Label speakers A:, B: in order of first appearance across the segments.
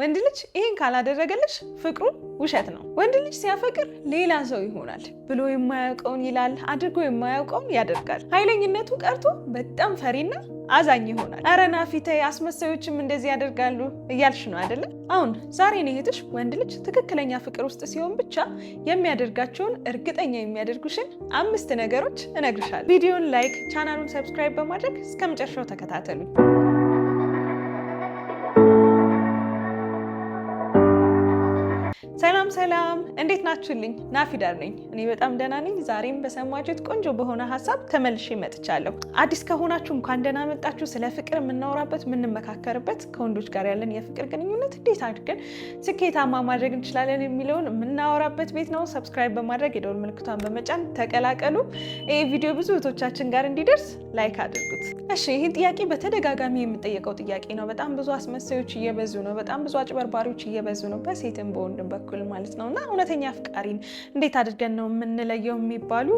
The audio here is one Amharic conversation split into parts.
A: ወንድ ልጅ ይህን ካላደረገልሽ ፍቅሩ ውሸት ነው። ወንድ ልጅ ሲያፈቅር ሌላ ሰው ይሆናል ብሎ የማያውቀውን ይላል፣ አድርጎ የማያውቀውን ያደርጋል። ኃይለኝነቱ ቀርቶ በጣም ፈሪና አዛኝ ይሆናል። አረና ናፊተይ አስመሳዮችም እንደዚህ ያደርጋሉ እያልሽ ነው አይደለም? አሁን ዛሬ ነው እህትሽ ወንድ ልጅ ትክክለኛ ፍቅር ውስጥ ሲሆን ብቻ የሚያደርጋቸውን እርግጠኛ የሚያደርጉሽን አምስት ነገሮች እነግርሻለሁ። ቪዲዮን ላይክ፣ ቻናሉን ሰብስክራይብ በማድረግ እስከ መጨረሻው ተከታተሉኝ።
B: So ሰላም ሰላም፣ እንዴት ናችሁልኝ? ናፊዳር ነኝ። እኔ በጣም ደህና ነኝ። ዛሬም በሰማችሁት ቆንጆ በሆነ ሀሳብ ተመልሼ መጥቻለሁ። አዲስ ከሆናችሁ እንኳን ደህና መጣችሁ። ስለ ፍቅር የምናወራበት የምንመካከርበት፣ ከወንዶች ጋር ያለን የፍቅር ግንኙነት እንዴት አድርገን ስኬታማ ማድረግ እንችላለን የሚለውን የምናወራበት ቤት ነው። ሰብስክራይብ በማድረግ የደወል ምልክቷን በመጫን ተቀላቀሉ። ይህ ቪዲዮ ብዙ እህቶቻችን ጋር እንዲደርስ ላይክ አድርጉት። እሺ፣ ይህን ጥያቄ በተደጋጋሚ የምጠየቀው ጥያቄ ነው። በጣም ብዙ አስመሳዮች እየበዙ ነው። በጣም ብዙ አጭበርባሪዎች እየበዙ ነው፣ በሴትም በወንድም በኩል ማለት ነው። እና እውነተኛ አፍቃሪን እንዴት አድርገን ነው የምንለየው የሚባሉ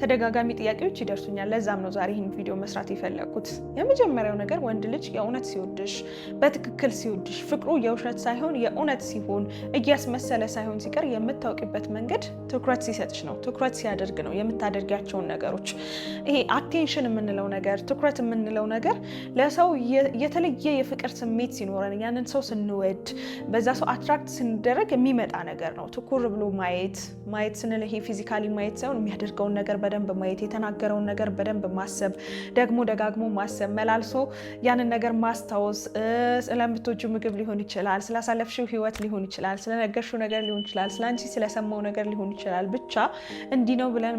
B: ተደጋጋሚ ጥያቄዎች ይደርሱኛል። ለዛም ነው ዛሬ ይህን ቪዲዮ መስራት የፈለግኩት። የመጀመሪያው ነገር ወንድ ልጅ የእውነት ሲወድሽ፣ በትክክል ሲወድሽ፣ ፍቅሩ የውሸት ሳይሆን የእውነት ሲሆን፣ እያስመሰለ ሳይሆን ሲቀር የምታውቂበት መንገድ ትኩረት ሲሰጥሽ ነው። ትኩረት ሲያደርግ ነው የምታደርጊያቸውን ነገሮች። ይሄ አቴንሽን የምንለው ነገር ትኩረት የምንለው ነገር ለሰው የተለየ የፍቅር ስሜት ሲኖረን ያንን ሰው ስንወድ በዛ ሰው አትራክት ስንደረግ የሚመጣ ነገር ነገር ነው። ትኩር ብሎ ማየት ማየት ስንል ይሄ ፊዚካሊ ማየት ሳይሆን የሚያደርገውን ነገር በደንብ ማየት፣ የተናገረውን ነገር በደንብ ማሰብ፣ ደግሞ ደጋግሞ ማሰብ፣ መላልሶ ያንን ነገር ማስታወስ፣ ስለምትወጂው ምግብ ሊሆን ይችላል፣ ስላሳለፍሽው ህይወት ሊሆን ይችላል፣ ስለነገርሽው ነገር ሊሆን ይችላል፣ ስለአንቺ ስለሰማው ነገር ሊሆን ይችላል። ብቻ እንዲህ ነው ብለን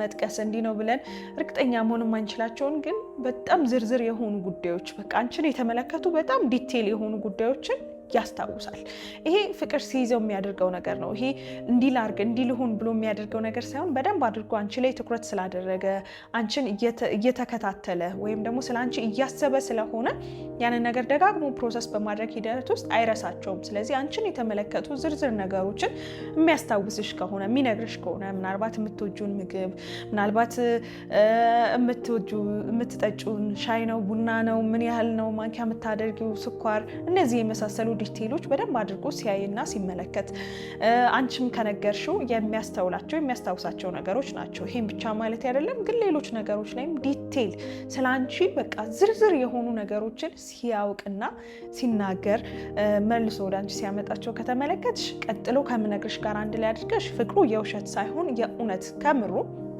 B: መጥቀስ እንዲህ ነው ብለን እርግጠኛ መሆን የማንችላቸውን ግን በጣም ዝርዝር የሆኑ ጉዳዮች በቃ አንቺን የተመለከቱ በጣም ዲቴል የሆኑ ጉዳዮችን ያስታውሳል። ይሄ ፍቅር ሲይዘው የሚያደርገው ነገር ነው። ይሄ እንዲህ ላርግ እንዲህ ልሁን ብሎ የሚያደርገው ነገር ሳይሆን በደንብ አድርጎ አንቺ ላይ ትኩረት ስላደረገ አንቺን እየተከታተለ ወይም ደግሞ ስለ አንቺ እያሰበ ስለሆነ ያንን ነገር ደጋግሞ ፕሮሰስ በማድረግ ሂደት ውስጥ አይረሳቸውም። ስለዚህ አንቺን የተመለከቱ ዝርዝር ነገሮችን የሚያስታውስሽ ከሆነ የሚነግርሽ ከሆነ ምናልባት የምትወጁን ምግብ ምናልባት የምትወጁ የምትጠጩን ሻይ ነው ቡና ነው ምን ያህል ነው ማንኪያ የምታደርጊው ስኳር፣ እነዚህ የመሳሰሉ ዲቴሎች በደንብ አድርጎ ሲያይና ሲመለከት አንቺም ከነገርሽው የሚያስተውላቸው የሚያስታውሳቸው ነገሮች ናቸው። ይሄን ብቻ ማለት አይደለም ግን ሌሎች ነገሮች ላይም ዲቴል ስለ አንቺ በቃ ዝርዝር የሆኑ ነገሮችን ሲያውቅና ሲናገር መልሶ ወደ አንቺ ሲያመጣቸው ከተመለከትሽ ቀጥሎ ከምነግርሽ ጋር አንድ ላይ አድርገሽ ፍቅሩ የውሸት ሳይሆን የእውነት ከምሩ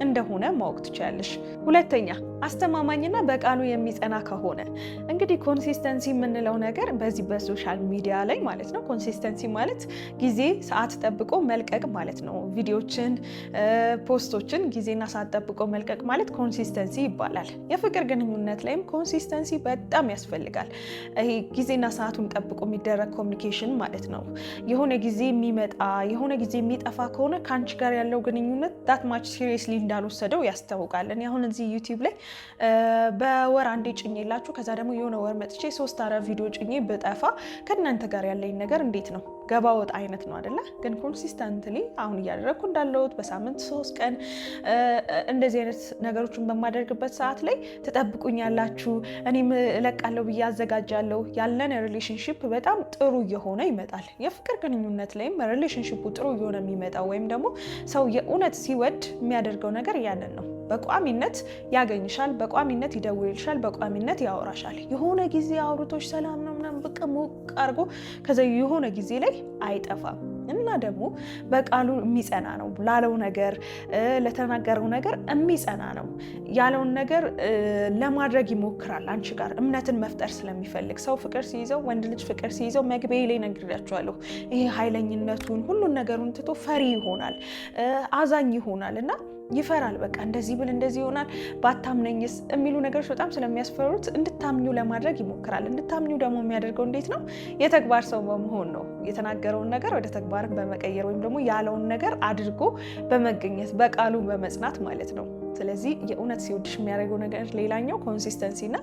B: እንደሆነ ማወቅ ትችላለሽ። ሁለተኛ አስተማማኝና በቃሉ የሚጸና ከሆነ እንግዲህ ኮንሲስተንሲ የምንለው ነገር በዚህ በሶሻል ሚዲያ ላይ ማለት ነው። ኮንሲስተንሲ ማለት ጊዜ ሰዓት ጠብቆ መልቀቅ ማለት ነው። ቪዲዮችን፣ ፖስቶችን ጊዜና ሰዓት ጠብቆ መልቀቅ ማለት ኮንሲስተንሲ ይባላል። የፍቅር ግንኙነት ላይም ኮንሲስተንሲ በጣም ያስፈልጋል። ይሄ ጊዜና ሰዓቱን ጠብቆ የሚደረግ ኮሚኒኬሽን ማለት ነው። የሆነ ጊዜ የሚመጣ የሆነ ጊዜ የሚጠፋ ከሆነ ከአንቺ ጋር ያለው ግንኙነት ዳት ማች ሲሪየስሊ እንዳልወሰደው ያስታውቃል። እኔ አሁን እዚህ ዩቲዩብ ላይ በወር አንዴ ጭኝ ከዛ ደግሞ የሆነ ወር መጥቼ ሶስት አራት ቪዲዮ ጭኜ ብጠፋ ከእናንተ ጋር ያለኝ ነገር እንዴት ነው? ገባ ወጥ አይነት ነው አደለ? ግን ኮንሲስተንትሊ አሁን እያደረግኩ እንዳለሁት በሳምንት ሶስት ቀን እንደዚህ አይነት ነገሮችን በማደርግበት ሰዓት ላይ ትጠብቁኛላችሁ፣ እኔም እለቃለሁ ብዬ አዘጋጃለሁ። ያለን ሪሌሽንሽፕ በጣም ጥሩ እየሆነ ይመጣል። የፍቅር ግንኙነት ላይም ሪሌሽንሽፑ ጥሩ እየሆነ የሚመጣው ወይም ደግሞ ሰው የእውነት ሲወድ የሚያደርገው ነገር ያንን ነው። በቋሚነት ያገኝሻል፣ በቋሚነት ይደውልሻል፣ በቋሚነት ያወራሻል። የሆነ ጊዜ አውርቶች ሰላም ነው ምናምን ብቅ ሞቅ አድርጎ ከዚ የሆነ ጊዜ ላይ አይጠፋም እና ደግሞ በቃሉ የሚጸና ነው። ላለው ነገር ለተናገረው ነገር የሚጸና ነው። ያለውን ነገር ለማድረግ ይሞክራል። አንቺ ጋር እምነትን መፍጠር ስለሚፈልግ ሰው ፍቅር ሲይዘው፣ ወንድ ልጅ ፍቅር ሲይዘው መግቢያ ላይ ነግሬያቸዋለሁ። ይሄ ኃይለኝነቱን ሁሉን ነገሩን ትቶ ፈሪ ይሆናል፣ አዛኝ ይሆናል እና ይፈራል። በቃ እንደዚህ ብል እንደዚህ ይሆናል፣ ባታምነኝስ የሚሉ ነገሮች በጣም ስለሚያስፈሩት እንድታምኙ ለማድረግ ይሞክራል። እንድታምኙ ደግሞ የሚያደርገው እንዴት ነው? የተግባር ሰው በመሆን ነው። የተናገረውን ነገር ወደ ተግባርን በመቀየር ወይም ደግሞ ያለውን ነገር አድርጎ በመገኘት በቃሉ በመጽናት ማለት ነው። ስለዚህ የእውነት ሲወድሽ የሚያደርገው ነገር ሌላኛው ኮንሲስተንሲ እና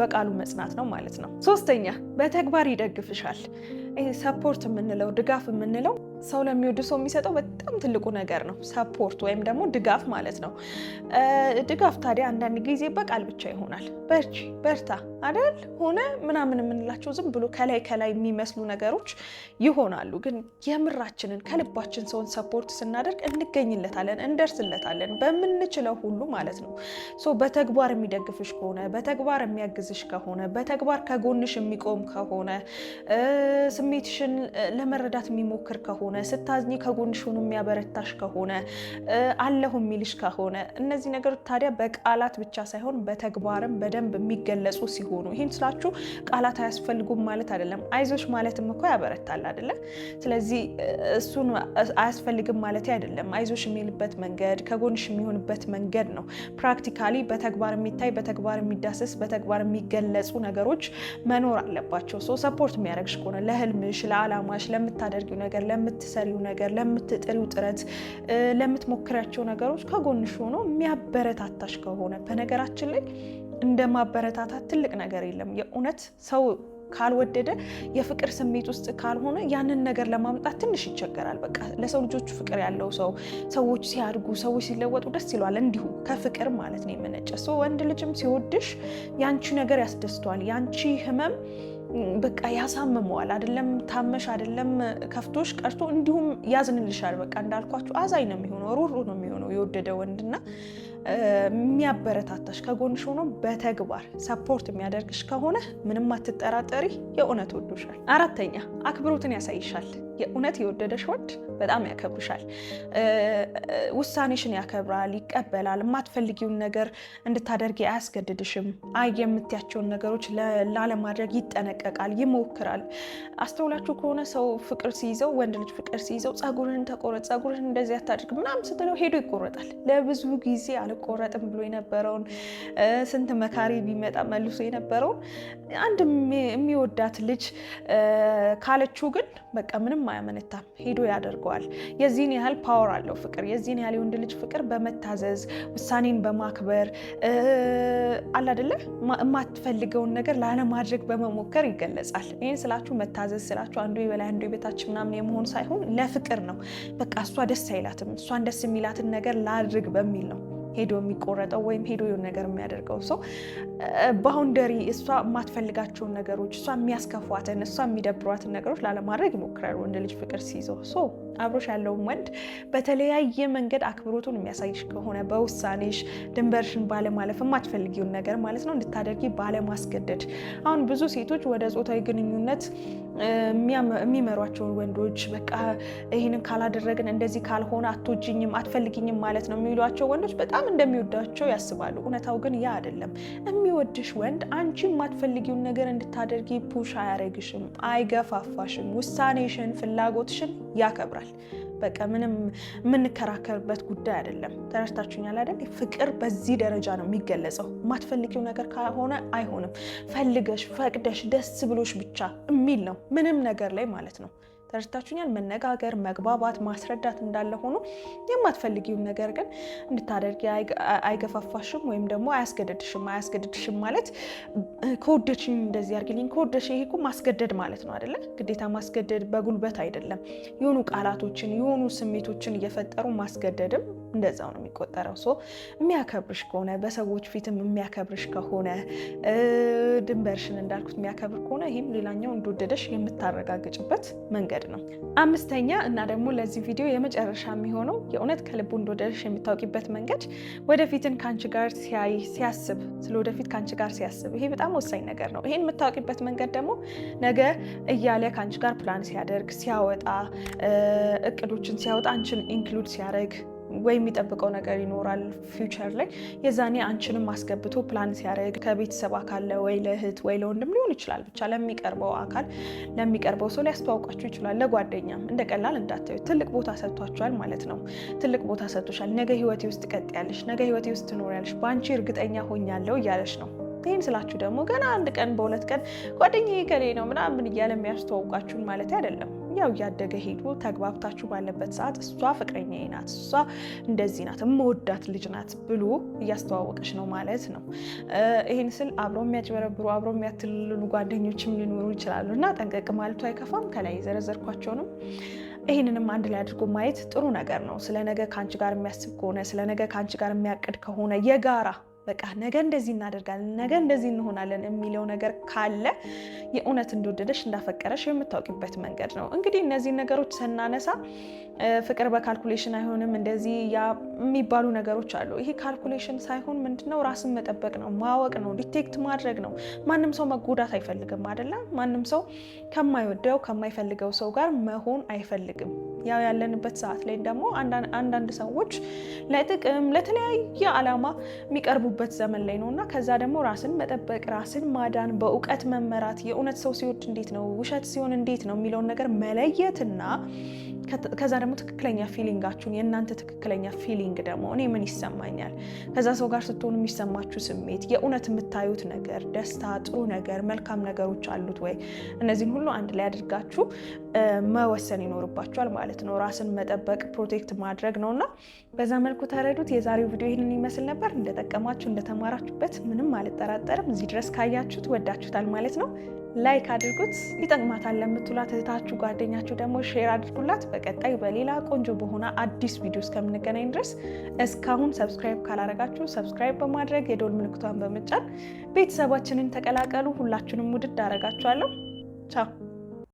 B: በቃሉ መጽናት ነው ማለት ነው። ሶስተኛ በተግባር ይደግፍሻል። ሰፖርት የምንለው ድጋፍ የምንለው ሰው ለሚወድ ሰው የሚሰጠው በጣም ትልቁ ነገር ነው፣ ሰፖርት ወይም ደግሞ ድጋፍ ማለት ነው። ድጋፍ ታዲያ አንዳንድ ጊዜ በቃል ብቻ ይሆናል። በርቺ፣ በርታ አደል ሆነ ምናምን የምንላቸው ዝም ብሎ ከላይ ከላይ የሚመስሉ ነገሮች ይሆናሉ። ግን የምራችንን ከልባችን ሰውን ሰፖርት ስናደርግ እንገኝለታለን፣ እንደርስለታለን በምንችለው ሁሉ ማለት ነው። ሶ በተግባር የሚደግፍሽ ከሆነ በተግባር የሚያግዝሽ ከሆነ በተግባር ከጎንሽ የሚቆም ከሆነ ስሜትሽን ለመረዳት የሚሞክር ከሆነ ከሆነ ስታዝኝ ከጎንሽ ሆኖ የሚያበረታሽ ከሆነ አለሁ የሚልሽ ከሆነ እነዚህ ነገሮች ታዲያ በቃላት ብቻ ሳይሆን በተግባርም በደንብ የሚገለጹ ሲሆኑ ይህን ስላችሁ ቃላት አያስፈልጉም ማለት አይደለም። አይዞሽ ማለትም እኮ ያበረታል አይደለ? ስለዚህ እሱን አያስፈልግም ማለት አይደለም። አይዞሽ የሚልበት መንገድ ከጎንሽ የሚሆንበት መንገድ ነው። ፕራክቲካሊ በተግባር የሚታይ በተግባር የሚዳስስ በተግባር የሚገለጹ ነገሮች መኖር አለባቸው። ሰው ሰፖርት የሚያደርግሽ ከሆነ ለህልምሽ፣ ለዓላማሽ፣ ለምታደርጊው ነገር ለምት ለምትሰሪው ነገር፣ ለምትጥሪው ጥረት፣ ለምትሞክሪያቸው ነገሮች ከጎንሽ ሆኖ የሚያበረታታሽ ከሆነ በነገራችን ላይ እንደ ማበረታታት ትልቅ ነገር የለም። የእውነት ሰው ካልወደደ የፍቅር ስሜት ውስጥ ካልሆነ ያንን ነገር ለማምጣት ትንሽ ይቸገራል። በቃ ለሰው ልጆቹ ፍቅር ያለው ሰው ሰዎች ሲያድጉ ሰዎች ሲለወጡ ደስ ይሏል። እንዲሁ ከፍቅር ማለት ነው የመነጨ ሰው ወንድ ልጅም ሲወድሽ ያንቺ ነገር ያስደስተዋል። ያንቺ ህመም በቃ ያሳምመዋል። አይደለም ታመሽ፣ አይደለም ከፍቶሽ ቀርቶ እንዲሁም ያዝንልሻል። በቃ እንዳልኳችሁ አዛኝ ነው የሚሆነው፣ ሩሩ ነው የሚሆነው የወደደ ወንድና የሚያበረታታሽ ከጎንሽ ሆኖ በተግባር ሰፖርት የሚያደርግሽ ከሆነ ምንም አትጠራጠሪ፣ የእውነት ወዶሻል። አራተኛ አክብሮትን ያሳይሻል። የእውነት የወደደሽ ወንድ በጣም ያከብርሻል፣ ውሳኔሽን ያከብራል፣ ይቀበላል። የማትፈልጊውን ነገር እንድታደርጊ አያስገድድሽም። አይ የምትያቸውን ነገሮች ላለማድረግ ይጠነቀቃል፣ ይሞክራል። አስተውላችሁ ከሆነ ሰው ፍቅር ሲይዘው ወንድ ልጅ ፍቅር ሲይዘው ጸጉርን ተቆረጥ፣ ጸጉርን እንደዚህ አታድርግ ምናምን ስትለው ሄዶ ይቆረጣል። ለብዙ ጊዜ አልቆረጥም ብሎ የነበረውን ስንት መካሪ ቢመጣ መልሶ የነበረውን አንድ የሚወዳት ልጅ ካለችው ግን በቃ ምንም አያመነታም፣ ሄዶ ያደርገዋል። የዚህን ያህል ፓወር አለው ፍቅር። የዚህን ያህል የወንድ ልጅ ፍቅር በመታዘዝ ውሳኔን በማክበር አለ አይደለ የማትፈልገውን ነገር ላለማድረግ በመሞከር ይገለጻል። ይህን ስላችሁ መታዘዝ ስላችሁ አንዱ የበላይ አንዱ የበታች ምናምን የመሆን ሳይሆን ለፍቅር ነው። በቃ እሷ ደስ አይላትም፣ እሷን ደስ የሚላትን ነገር ላድርግ በሚል ነው ሄዶ የሚቆረጠው ወይም ሄዶ የሆነ ነገር የሚያደርገው ሰው ባውንደሪ፣ እሷ የማትፈልጋቸውን ነገሮች፣ እሷ የሚያስከፏትን፣ እሷ የሚደብሯትን ነገሮች ላለማድረግ ይሞክራል። ወንድ ልጅ ፍቅር ሲይዘው ሶ አብሮሽ ያለውን ወንድ በተለያየ መንገድ አክብሮቱን የሚያሳይሽ ከሆነ በውሳኔሽ ድንበርሽን ባለማለፍ የማትፈልጊውን ነገር ማለት ነው እንድታደርጊ ባለማስገደድ። አሁን ብዙ ሴቶች ወደ ጾታዊ ግንኙነት የሚመሯቸውን ወንዶች በቃ ይህንን ካላደረግን እንደዚህ ካልሆነ አቶጅኝም አትፈልግኝም ማለት ነው የሚሏቸው ወንዶች በጣም እንደሚወዳቸው ያስባሉ። እውነታው ግን ያ አይደለም። የሚወድሽ ወንድ አንቺ የማትፈልጊውን ነገር እንድታደርጊ ፑሽ አያረግሽም፣ አይገፋፋሽም። ውሳኔሽን፣ ፍላጎትሽን ያከብራል። በቃ ምንም የምንከራከርበት ጉዳይ አይደለም። ተረድታችሁኛል አይደል? ፍቅር በዚህ ደረጃ ነው የሚገለጸው። የማትፈልጊው ነገር ከሆነ አይሆንም፣ ፈልገሽ ፈቅደሽ ደስ ብሎሽ ብቻ የሚል ነው ምንም ነገር ላይ ማለት ነው። ተረድታችሁኛል። መነጋገር፣ መግባባት፣ ማስረዳት እንዳለ ሆኖ የማትፈልጊውን ነገር ግን እንድታደርጊ አይገፋፋሽም ወይም ደግሞ አያስገደድሽም። አያስገድድሽም ማለት ከወደድሽኝ እንደዚህ አድርጊልኝ ከወደድሽ፣ ይሄ እኮ ማስገደድ ማለት ነው አይደለ? ግዴታ ማስገደድ በጉልበት አይደለም። የሆኑ ቃላቶችን የሆኑ ስሜቶችን እየፈጠሩ ማስገደድም እንደዛው ነው የሚቆጠረው። ሶ የሚያከብርሽ ከሆነ በሰዎች ፊትም የሚያከብርሽ ከሆነ ድንበርሽን እንዳልኩት የሚያከብር ከሆነ ይህም ሌላኛው እንደወደደሽ የምታረጋግጭበት መንገድ መንገድ ነው። አምስተኛ እና ደግሞ ለዚህ ቪዲዮ የመጨረሻ የሚሆነው የእውነት ከልቡ እንደወደደሽ የሚታወቂበት መንገድ ወደፊትን ከአንቺ ጋር ሲያይ ሲያስብ፣ ስለ ወደፊት ከአንቺ ጋር ሲያስብ፣ ይሄ በጣም ወሳኝ ነገር ነው። ይሄን የምታወቂበት መንገድ ደግሞ ነገ እያለ ከአንቺ ጋር ፕላን ሲያደርግ፣ ሲያወጣ፣ እቅዶችን ሲያወጣ አንቺን ኢንክሉድ ሲያደርግ ወይ የሚጠብቀው ነገር ይኖራል ፊውቸር ላይ የዛኔ አንቺንም አስገብቶ ፕላን ሲያደርግ ከቤተሰብ አካል ወይ ለእህት ወይ ለወንድም ሊሆን ይችላል ብቻ ለሚቀርበው አካል ለሚቀርበው ሰው ሊያስተዋውቃችሁ ይችላል። ለጓደኛም እንደ ቀላል እንዳታዩ። ትልቅ ቦታ ሰጥቷችኋል ማለት ነው። ትልቅ ቦታ ሰጥቶሻል። ነገ ህይወቴ ውስጥ ቀጥ ያለሽ ነገ ህይወቴ ውስጥ ትኖር ያለሽ በአንቺ እርግጠኛ ሆኛለሁ እያለሽ ነው ይህን ስላችሁ ደግሞ ገና አንድ ቀን በሁለት ቀን ጓደኛዬ ከሌ ነው ምናምን እያለ የሚያስተዋውቃችሁን ማለት አይደለም። ያው እያደገ ሄዱ ተግባብታችሁ ባለበት ሰዓት እሷ ፍቅረኛ ናት፣ እሷ እንደዚህ ናት፣ የምወዳት ልጅ ናት ብሎ እያስተዋወቀች ነው ማለት ነው። ይህን ስል አብረው የሚያጭበረብሩ አብረው የሚያትልሉ ጓደኞችም ሊኖሩ ይችላሉ እና ጠንቀቅ ማለቱ አይከፋም። ከላይ የዘረዘርኳቸውንም ይህንንም አንድ ላይ አድርጎ ማየት ጥሩ ነገር ነው። ስለ ነገ ከአንቺ ጋር የሚያስብ ከሆነ ስለ ነገ ከአንቺ ጋር የሚያቅድ ከሆነ የጋራ በቃ ነገ እንደዚህ እናደርጋለን፣ ነገ እንደዚህ እንሆናለን የሚለው ነገር ካለ የእውነት እንደወደደሽ እንዳፈቀረሽ የምታውቂበት መንገድ ነው። እንግዲህ እነዚህ ነገሮች ስናነሳ ፍቅር በካልኩሌሽን አይሆንም እንደዚህ ያ የሚባሉ ነገሮች አሉ። ይሄ ካልኩሌሽን ሳይሆን ምንድነው ራስን መጠበቅ ነው፣ ማወቅ ነው፣ ዲቴክት ማድረግ ነው። ማንም ሰው መጎዳት አይፈልግም አይደለም። ማንም ሰው ከማይወደው ከማይፈልገው ሰው ጋር መሆን አይፈልግም። ያው ያለንበት ሰዓት ላይ ደግሞ አንዳንድ ሰዎች ለጥቅም ለተለያየ ዓላማ የሚቀርቡበት ዘመን ላይ ነው እና ከዛ ደግሞ ራስን መጠበቅ፣ ራስን ማዳን፣ በእውቀት መመራት፣ የእውነት ሰው ሲወድ እንዴት ነው ውሸት ሲሆን እንዴት ነው የሚለውን ነገር መለየትና ከዛ ደግሞ ትክክለኛ ፊሊንጋችሁን የእናንተ ትክክለኛ ፊሊንግ ደግሞ እኔ ምን ይሰማኛል፣ ከዛ ሰው ጋር ስትሆኑ የሚሰማችሁ ስሜት፣ የእውነት የምታዩት ነገር፣ ደስታ፣ ጥሩ ነገር፣ መልካም ነገሮች አሉት ወይ? እነዚህን ሁሉ አንድ ላይ አድርጋችሁ መወሰን ይኖርባቸዋል ማለት ነው። ራስን መጠበቅ ፕሮቴክት ማድረግ ነው እና በዛ መልኩ ተረዱት። የዛሬው ቪዲዮ ይህንን ይመስል ነበር። እንደጠቀማችሁ እንደተማራችሁበት ምንም አልጠራጠርም። እዚህ ድረስ ካያችሁት ወዳችሁታል ማለት ነው። ላይክ አድርጉት። ይጠቅማታል ለምትሏት እህታችሁ፣ ጓደኛችሁ ደግሞ ሼር አድርጉላት። በቀጣይ በሌላ ቆንጆ በሆነ አዲስ ቪዲዮ እስከምንገናኝ ድረስ እስካሁን ሰብስክራይብ ካላረጋችሁ ሰብስክራይብ በማድረግ የዶል ምልክቷን በመጫን ቤተሰባችንን ተቀላቀሉ። ሁላችሁንም ውድድ አረጋችኋለሁ። ቻው